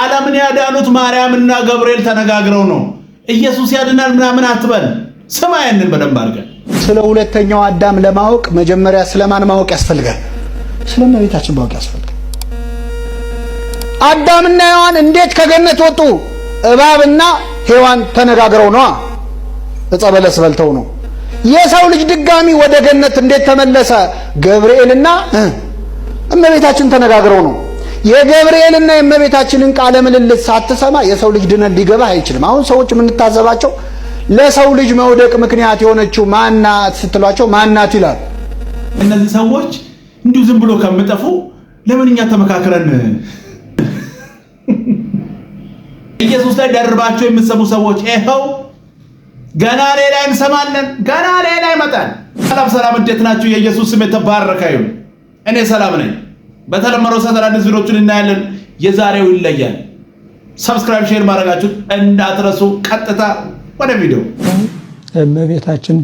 ዓለምን ያዳኑት ማርያምና ገብርኤል ተነጋግረው ነው። ኢየሱስ ያድናል ምናምን አትበል። ስማ ያንን በደንብ አድርገን። ስለ ሁለተኛው አዳም ለማወቅ መጀመሪያ ስለማን ማወቅ ያስፈልጋል? ስለ እመቤታችን ማወቅ ያስፈልጋል። አዳምና ሔዋን እንዴት ከገነት ወጡ? እባብና ሔዋን ተነጋግረው ነዋ። ዕፀ በለስ በልተው ነው። የሰው ልጅ ድጋሚ ወደ ገነት እንዴት ተመለሰ? ገብርኤልና እመቤታችን ተነጋግረው ነው። የገብርኤልና የእመቤታችንን ቃለ ምልልስ ሳትሰማ የሰው ልጅ ድነት ሊገባ አይችልም። አሁን ሰዎች የምንታዘባቸው ለሰው ልጅ መውደቅ ምክንያት የሆነችው ማናት ስትሏቸው ማናት ይላሉ። እነዚህ ሰዎች እንዲሁ ዝም ብሎ ከምጠፉ ለምንኛ እኛ ተመካክረን ኢየሱስ ላይ ደርባቸው የምትሰሙ ሰዎች ይኸው ገና ሌላ እንሰማለን፣ ገና ሌላ ይመጣል። ሰላም ሰላም፣ እንዴት ናችሁ? የኢየሱስ ስም የተባረከ ይሁን። እኔ ሰላም ነኝ። በተለመደው ሰዓት አዳዲስ ቪዲዮዎችን እናያለን። የዛሬው ይለያል። ሰብስክራይብ፣ ሼር ማድረጋችሁን እንዳትረሱ። ቀጥታ ወደ ቪዲዮ እመቤታችን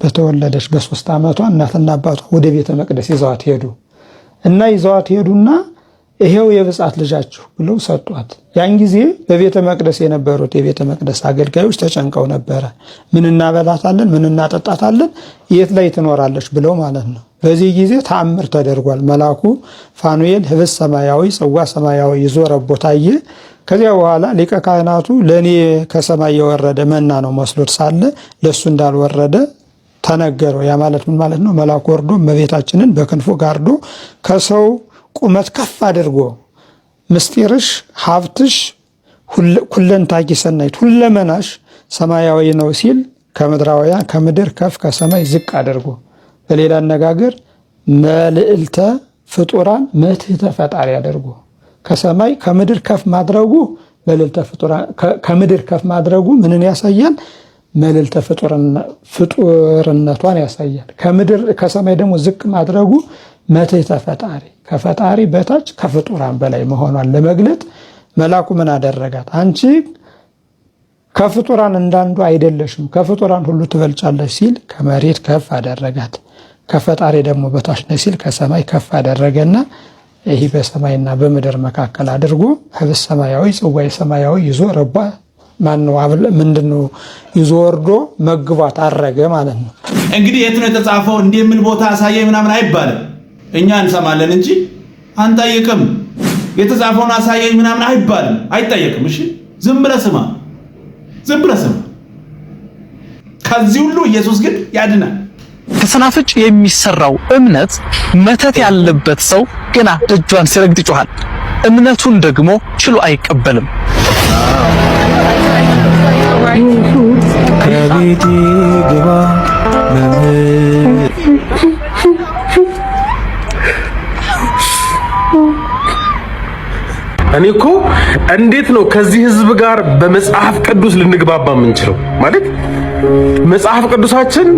በተወለደች በሶስት ዓመቷ እናትና አባቷ ወደ ቤተ መቅደስ ይዘዋት ሄዱ እና ይዘዋት ሄዱና ይሄው የብጻት ልጃችሁ ብለው ሰጧት። ያን ጊዜ በቤተ መቅደስ የነበሩት የቤተ መቅደስ አገልጋዮች ተጨንቀው ነበረ። ምን እናበላታለን? ምን እናጠጣታለን? የት ላይ ትኖራለች? ብለው ማለት ነው። በዚህ ጊዜ ተአምር ተደርጓል። መልአኩ ፋኑኤል ህብስ ሰማያዊ ጽዋ ሰማያዊ ይዞረ ቦታየ ከዚያ በኋላ ሊቀ ካህናቱ ለእኔ ከሰማይ የወረደ መና ነው መስሎት ሳለ ለእሱ እንዳልወረደ ተነገረው። ያ ማለት ምን ማለት ነው? መልአኩ ወርዶ እመቤታችንን በክንፉ ጋርዶ ከሰው ቁመት ከፍ አድርጎ ምስጢርሽ፣ ሀብትሽ፣ ሁለንታኪ ሰናይት ሁለመናሽ ሰማያዊ ነው ሲል ከምድራውያን ከምድር ከፍ ከሰማይ ዝቅ አድርጎ በሌላ አነጋገር መልዕልተ ፍጡራን ምትሕተ ፈጣሪ አድርጎ ከሰማይ ከምድር ከፍ ማድረጉ መልዕልተ ፍጡራን ከምድር ከፍ ማድረጉ ምንን ያሳያል? መልዕልተ ፍጡርነቷን ያሳያል። ከምድር ከሰማይ ደግሞ ዝቅ ማድረጉ መትህ ፈጣሪ ከፈጣሪ በታች ከፍጡራን በላይ መሆኗን ለመግለጥ መላኩ ምን አደረጋት? አንቺ ከፍጡራን እንዳንዱ አይደለሽም፣ ከፍጡራን ሁሉ ትበልጫለሽ ሲል ከመሬት ከፍ አደረጋት። ከፈጣሪ ደግሞ በታች ነሽ ሲል ከሰማይ ከፍ አደረገና ይህ በሰማይና በምድር መካከል አድርጎ ህብስ ሰማያዊ ጽዋይ ሰማያዊ ይዞ ረቧ ማነው ምንድን ይዞ ወርዶ መግቧት አረገ ማለት ነው። እንግዲህ የት ነው የተጻፈው? እንዲህ የምን ቦታ አሳየ ምናምን አይባልም። እኛ እንሰማለን እንጂ አንጠይቅም። የተጻፈውን አሳየኝ ምናምን አይባልም፣ አይጠየቅም። እሺ ዝም ብለህ ስማ፣ ዝም ብለህ ስማ። ከዚህ ሁሉ ኢየሱስ ግን ያድናል። ከሰናፍጭ የሚሰራው እምነት መተት ያለበት ሰው ገና እጇን ሲረግጥ ይጮሃል፣ እምነቱን ደግሞ ችሎ አይቀበልም። ከቤቴ ግባ እኔ እኮ እንዴት ነው ከዚህ ህዝብ ጋር በመጽሐፍ ቅዱስ ልንግባባ የምንችለው? ማለት መጽሐፍ ቅዱሳችን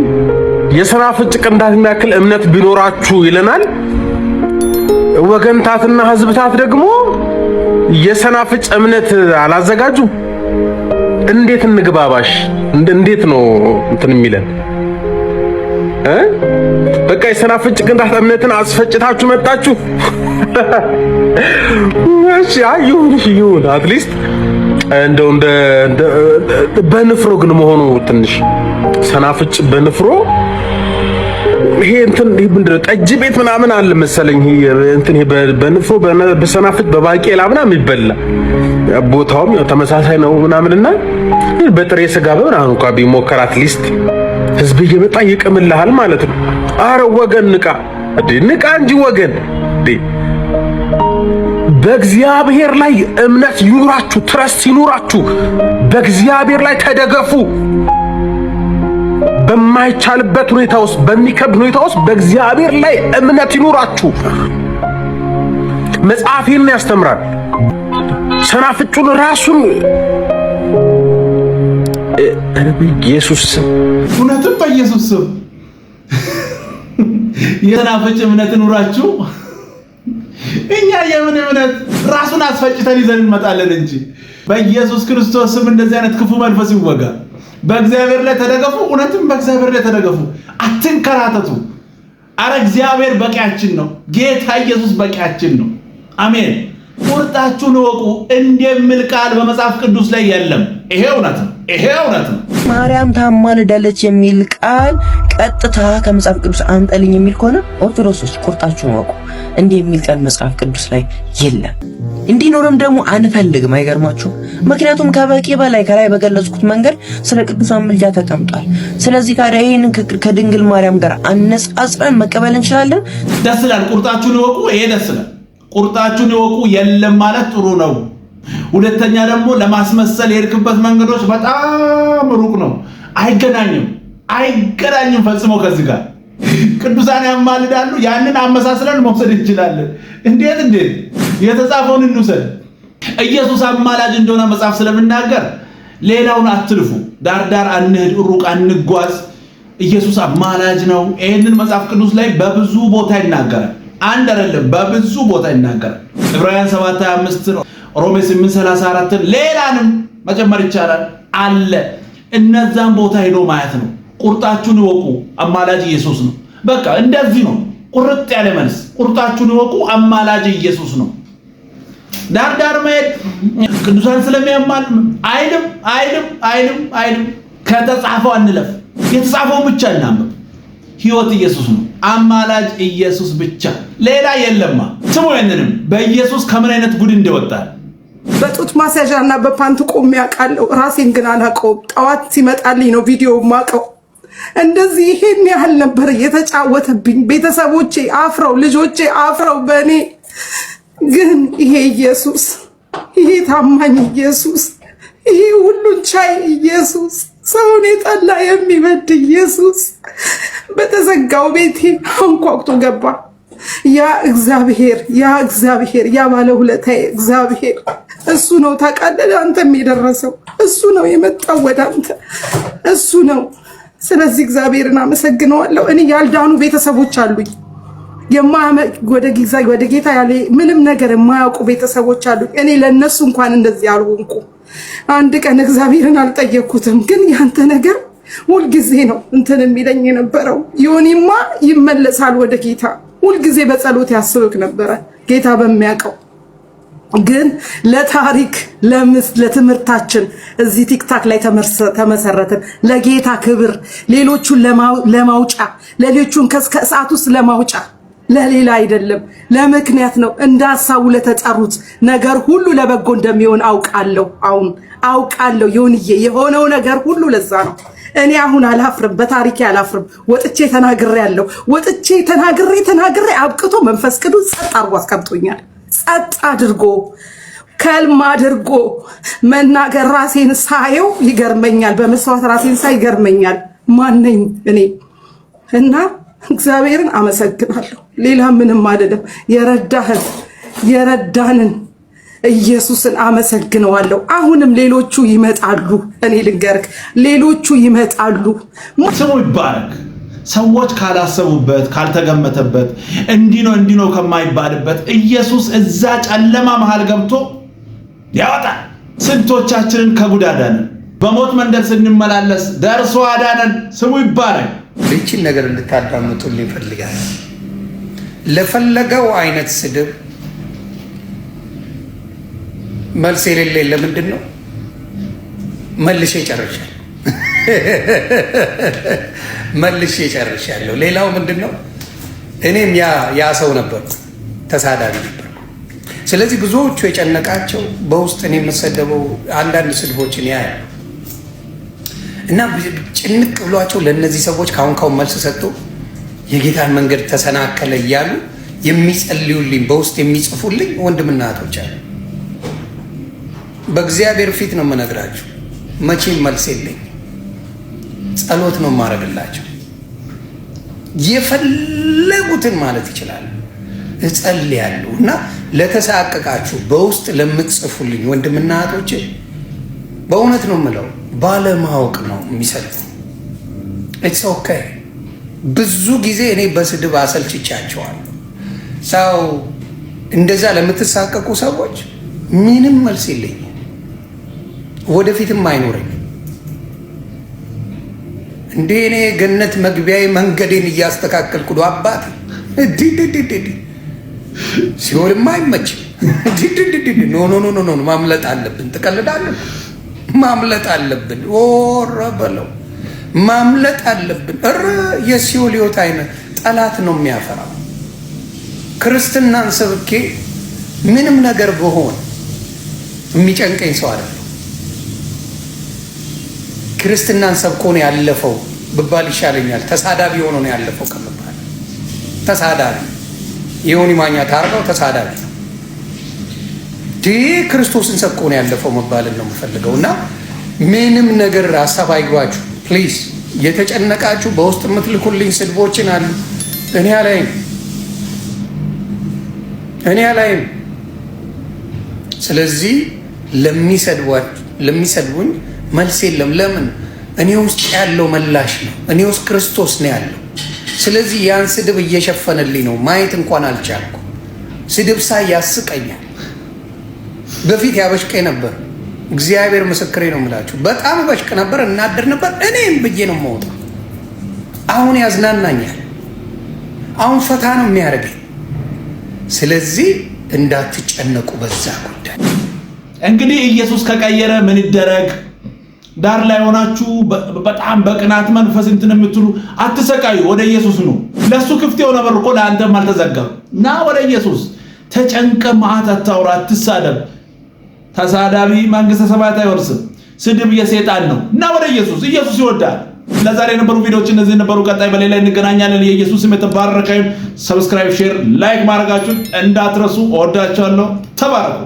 የሰናፍጭ ቅንዳት የሚያክል እምነት ቢኖራችሁ ይለናል። ወገንታትና ህዝብታት ደግሞ የሰናፍጭ እምነት አላዘጋጁ እንዴት እንግባባሽ? እንዴት ነው እንትን የሚለን እ በቃ የሰናፍጭ ቅንጣት እምነትን አስፈጭታችሁ መጣችሁ። እሺ ይሁን ይሁን፣ አትሊስት እንደው እንደ በንፍሮ ግን መሆኑ ትንሽ ሰናፍጭ በንፍሮ ይሄ እንትን ይሄ ምንድነው ጠጅ ቤት ምናምን አለ መሰለኝ። ይሄ እንትን ይሄ በንፍሮ በሰናፍጭ በባቄላ ምናምን ይበላ ቦታውም ተመሳሳይ ነው ምናምንና በጥሬ ስጋ በምናምን እንኳን ቢሞከር አትሊስት ህዝብ እየመጣ ይቅምልሃል ማለት ነው። አረ ወገን ንቃ፣ ንቃ እንጂ ወገን በእግዚአብሔር ላይ እምነት ይኑራችሁ፣ ትረስት ይኑራችሁ፣ በእግዚአብሔር ላይ ተደገፉ። በማይቻልበት ሁኔታ ውስጥ፣ በሚከብድ ሁኔታ ውስጥ በእግዚአብሔር ላይ እምነት ይኑራችሁ። መጽሐፍ ይህን ያስተምራል። ሰናፍጩን ራሱን ኢየሱስ ስም እውነትም በኢየሱስ ስም የተናፈጭ እምነት ኑራችሁ እኛ የምን እምነት ራሱን አስፈጭተን ይዘን እንመጣለን እንጂ በኢየሱስ ክርስቶስ ስም እንደዚህ አይነት ክፉ መንፈስ ይወጋ። በእግዚአብሔር ላይ ተደገፉ። እውነትም በእግዚአብሔር ላይ ተደገፉ። አትንከራተቱ። አረ እግዚአብሔር በቂያችን ነው። ጌታ ኢየሱስ በቂያችን ነው። አሜን። ቁርጣችሁን እወቁ እንደሚል ቃል በመጽሐፍ ቅዱስ ላይ የለም። ይሄ እውነት ነው። ይሄ እውነት ነው። ማርያም ታማልዳለች የሚል ቃል ቀጥታ ከመጽሐፍ ቅዱስ አንጠልኝ የሚል ከሆነ ኦርቶዶክሶች ቁርጣችሁን ወቁ። እንዲህ የሚል ቃል መጽሐፍ ቅዱስ ላይ የለም። እንዲኖርም ደግሞ አንፈልግም። አይገርማችሁም? ምክንያቱም ከበቂ በላይ ከላይ በገለጽኩት መንገድ ስለ ቅዱሳን ምልጃ ተቀምጧል። ስለዚህ ታዲያ ይህንን ከድንግል ማርያም ጋር አነጻጽረን መቀበል እንችላለን። ደስ ይላል። ቁርጣችሁን ወቁ። ይሄ ደስ ይላል። ቁርጣችሁን ወቁ። የለም ማለት ጥሩ ነው። ሁለተኛ ደግሞ ለማስመሰል የሄድክበት መንገዶች በጣም ሩቅ ነው። አይገናኝም፣ አይገናኝም ፈጽሞ ከዚህ ጋር ቅዱሳን ያማልዳሉ። ያንን አመሳስለን መውሰድ እንችላለን። እንዴት እንዴት የተጻፈውን እንውሰድ። ኢየሱስ አማላጅ እንደሆነ መጽሐፍ ስለምናገር ሌላውን አትልፉ። ዳርዳር አንሄድ፣ ሩቅ አንጓዝ። ኢየሱስ አማላጅ ነው። ይህንን መጽሐፍ ቅዱስ ላይ በብዙ ቦታ ይናገራል። አንድ አይደለም፣ በብዙ ቦታ ይናገራል። ዕብራውያን 7 25 ነው። ሮሜ 834ን ሌላንም መጨመር ይቻላል አለ። እነዛን ቦታ ሄዶ ማየት ነው። ቁርጣችሁን ይወቁ፣ አማላጅ ኢየሱስ ነው። በቃ እንደዚህ ነው። ቁርጥ ያለ መልስ። ቁርጣችሁን ይወቁ፣ አማላጅ ኢየሱስ ነው። ዳር ዳር መሄድ ቅዱሳን ስለሚያማል አይልም አይልም አይልም አይልም። ከተጻፈው አንለፍ፣ የተጻፈው ብቻ እናንብብ። ሕይወት ኢየሱስ ነው። አማላጅ ኢየሱስ ብቻ ሌላ የለማ። ስሙ ይህንንም በኢየሱስ ከምን አይነት ጉድ እንደወጣል በጡት ማስያዣ እና በፓንት ቆሜ አውቃለሁ። ራሴን ግን አላውቀውም። ጠዋት ሲመጣልኝ ነው ቪዲዮ ማውቀው። እንደዚህ ይሄን ያህል ነበር የተጫወተብኝ። ቤተሰቦቼ አፍረው፣ ልጆቼ አፍረው በእኔ ግን ይሄ ኢየሱስ፣ ይሄ ታማኝ ኢየሱስ፣ ይሄ ሁሉን ቻይ ኢየሱስ፣ ሰውን የጠላ የሚበድ ኢየሱስ በተዘጋው ቤቴ አንኳኩቶ ገባ። ያ እግዚአብሔር ያ እግዚአብሔር ያ ባለ ሁለታዬ እግዚአብሔር እሱ ነው ታውቃለህ፣ አንተም የደረሰው እሱ ነው የመጣው ወደ አንተ እሱ ነው። ስለዚህ እግዚአብሔርን አመሰግነዋለሁ። እኔ ያልዳኑ ቤተሰቦች አሉኝ፣ ወደ ወደ ጌታ ያለ ምንም ነገር የማያውቁ ቤተሰቦች አሉ እኔ ለእነሱ እንኳን እንደዚህ አልሆንኩ። አንድ ቀን እግዚአብሔርን አልጠየኩትም፣ ግን ያንተ ነገር ሁልጊዜ ነው እንትን የሚለኝ የነበረው። ዮኒማ ይመለሳል ወደ ጌታ ሁልጊዜ በጸሎት ያስብክ ነበረ ጌታ በሚያውቀው ግን ለታሪክ ለትምህርታችን እዚህ ቲክታክ ላይ ተመሰረትን። ለጌታ ክብር ሌሎቹን ለማውጫ ሌሎቹን ከሰዓት ውስጥ ለማውጫ ለሌላ አይደለም፣ ለምክንያት ነው። እንደ ለተጠሩት ነገር ሁሉ ለበጎ እንደሚሆን አውቃለሁ። አሁን አውቃለሁ ይሁንዬ የሆነው ነገር ሁሉ ለዛ ነው። እኔ አሁን አላፍርም፣ በታሪኬ አላፍርም። ወጥቼ ተናግሬ ያለው ወጥቼ ተናግሬ ተናግሬ አብቅቶ መንፈስ ቅዱስ ጸጥ አድርጎ አስቀምጦኛል። ጸጥ አድርጎ ከልም አድርጎ መናገር ራሴን ሳየው ይገርመኛል። በመስዋዕት ራሴን ሳይ ይገርመኛል። ማነኝ እኔ እና እግዚአብሔርን አመሰግናለሁ። ሌላ ምንም አይደለም። የረዳህን የረዳንን ኢየሱስን አመሰግነዋለሁ። አሁንም ሌሎቹ ይመጣሉ። እኔ ልንገርክ፣ ሌሎቹ ይመጣሉ። ስሙ ይባረክ። ሰዎች ካላሰቡበት ካልተገመተበት፣ እንዲኖ እንዲኖ ከማይባልበት ኢየሱስ እዛ ጨለማ መሃል ገብቶ ያወጣል። ስንቶቻችንን ከጉድ አዳነን። በሞት መንደር ስንመላለስ ደርሶ አዳነን። ስሙ ይባረክ። ይህችን ነገር እንድታዳምጡ ይፈልጋል። ለፈለገው አይነት ስድብ መልስ የሌለ ለምንድን ነው መልሼ ጨርሻለሁ። መልሼ ጨርሻለሁ። ሌላው ምንድን ነው እኔም ያ ሰው ነበር፣ ተሳዳቢ ነበር። ስለዚህ ብዙዎቹ የጨነቃቸው በውስጥ እኔ የምሰደበው አንዳንድ ስድቦችን ያ እና ጭንቅ ብሏቸው ለእነዚህ ሰዎች ካሁን ካሁን መልስ ሰጥቶ የጌታን መንገድ ተሰናከለ እያሉ የሚጸልዩልኝ በውስጥ የሚጽፉልኝ ወንድምና እህቶች አሉ። በእግዚአብሔር ፊት ነው የምነግራችሁ። መቼም መልስ የለኝ። ጸሎት ነው የማደርግላቸው። የፈለጉትን ማለት ይችላል እጸልያለሁ። እና ለተሳቀቃችሁ በውስጥ ለምትጽፉልኝ ወንድምና እህቶቼ በእውነት ነው የምለው፣ ባለማወቅ ነው የሚሰልፉ ኢትስ ኦኬ። ብዙ ጊዜ እኔ በስድብ አሰልችቻቸዋል። ሰው እንደዛ ለምትሳቀቁ ሰዎች ምንም መልስ የለኝ። ወደፊትም አይኖረኝ። እንዴ እኔ ገነት መግቢያዬ መንገዴን እያስተካከልኩ ነው አባት። ሲሆንማ አይመችም። ኖ ኖ ማምለጥ አለብን። ትቀልዳለን። ማምለጥ አለብን። ኧረ በለው ማምለጥ አለብን። እረ የሲኦል ህይወት አይነት ጠላት ነው የሚያፈራው። ክርስትናን ሰብኬ ምንም ነገር በሆን የሚጨንቀኝ ሰው አለ ክርስትናን ሰብኮ ነው ያለፈው ብባል ይሻለኛል። ተሳዳቢ ሆኖ ነው ያለፈው ከምባል ተሳዳቢ የሆነ ማኛ ታርቀው ተሳዳቢ ነው ክርስቶስን ሰብኮ ነው ያለፈው መባልን ነው የምፈልገው። እና ምንም ነገር ሀሳብ አይግባችሁ ፕሊዝ። የተጨነቃችሁ በውስጥ የምትልኩልኝ ስድቦችን አሉ እኔ አላይም እኔ አላይም። ስለዚህ ለሚሰድቡኝ መልስ የለም። ለምን? እኔ ውስጥ ያለው መላሽ ነው። እኔ ውስጥ ክርስቶስ ነው ያለው። ስለዚህ ያን ስድብ እየሸፈነልኝ ነው። ማየት እንኳን አልቻልኩ። ስድብ ሳይ ያስቀኛል። በፊት ያበሽቀኝ ነበር። እግዚአብሔር ምስክሬ ነው የምላችሁ። በጣም በሽቅ ነበር፣ እናድር ነበር። እኔም ብዬ ነው የምወጣው። አሁን ያዝናናኛል። አሁን ፈታ ነው የሚያደርገኝ። ስለዚህ እንዳትጨነቁ በዛ ጉዳይ። እንግዲህ ኢየሱስ ከቀየረ ምን ይደረግ? ዳር ላይ ሆናችሁ በጣም በቅናት መንፈስ እንትን የምትሉ አትሰቃዩ። ወደ ኢየሱስ ነው። ለእሱ ክፍት የሆነ በር እኮ ለአንተም አልተዘጋም። ና ወደ ኢየሱስ ተጨንቀ መዓት አታውራ፣ አትሳደብ። ተሳዳቢ መንግሥተ ሰማያት አይወርስም። ስድብ የሴጣን ነው። እና ወደ ኢየሱስ፣ ኢየሱስ ይወዳል። ለዛሬ የነበሩ ቪዲዮዎች እነዚህ ነበሩ። ቀጣይ በሌላ እንገናኛለን። የኢየሱስ ስም የተባረከ። ሰብስክራይብ፣ ሼር፣ ላይክ ማድረጋችሁን እንዳትረሱ። እወዳችኋለሁ። ተባረኩ።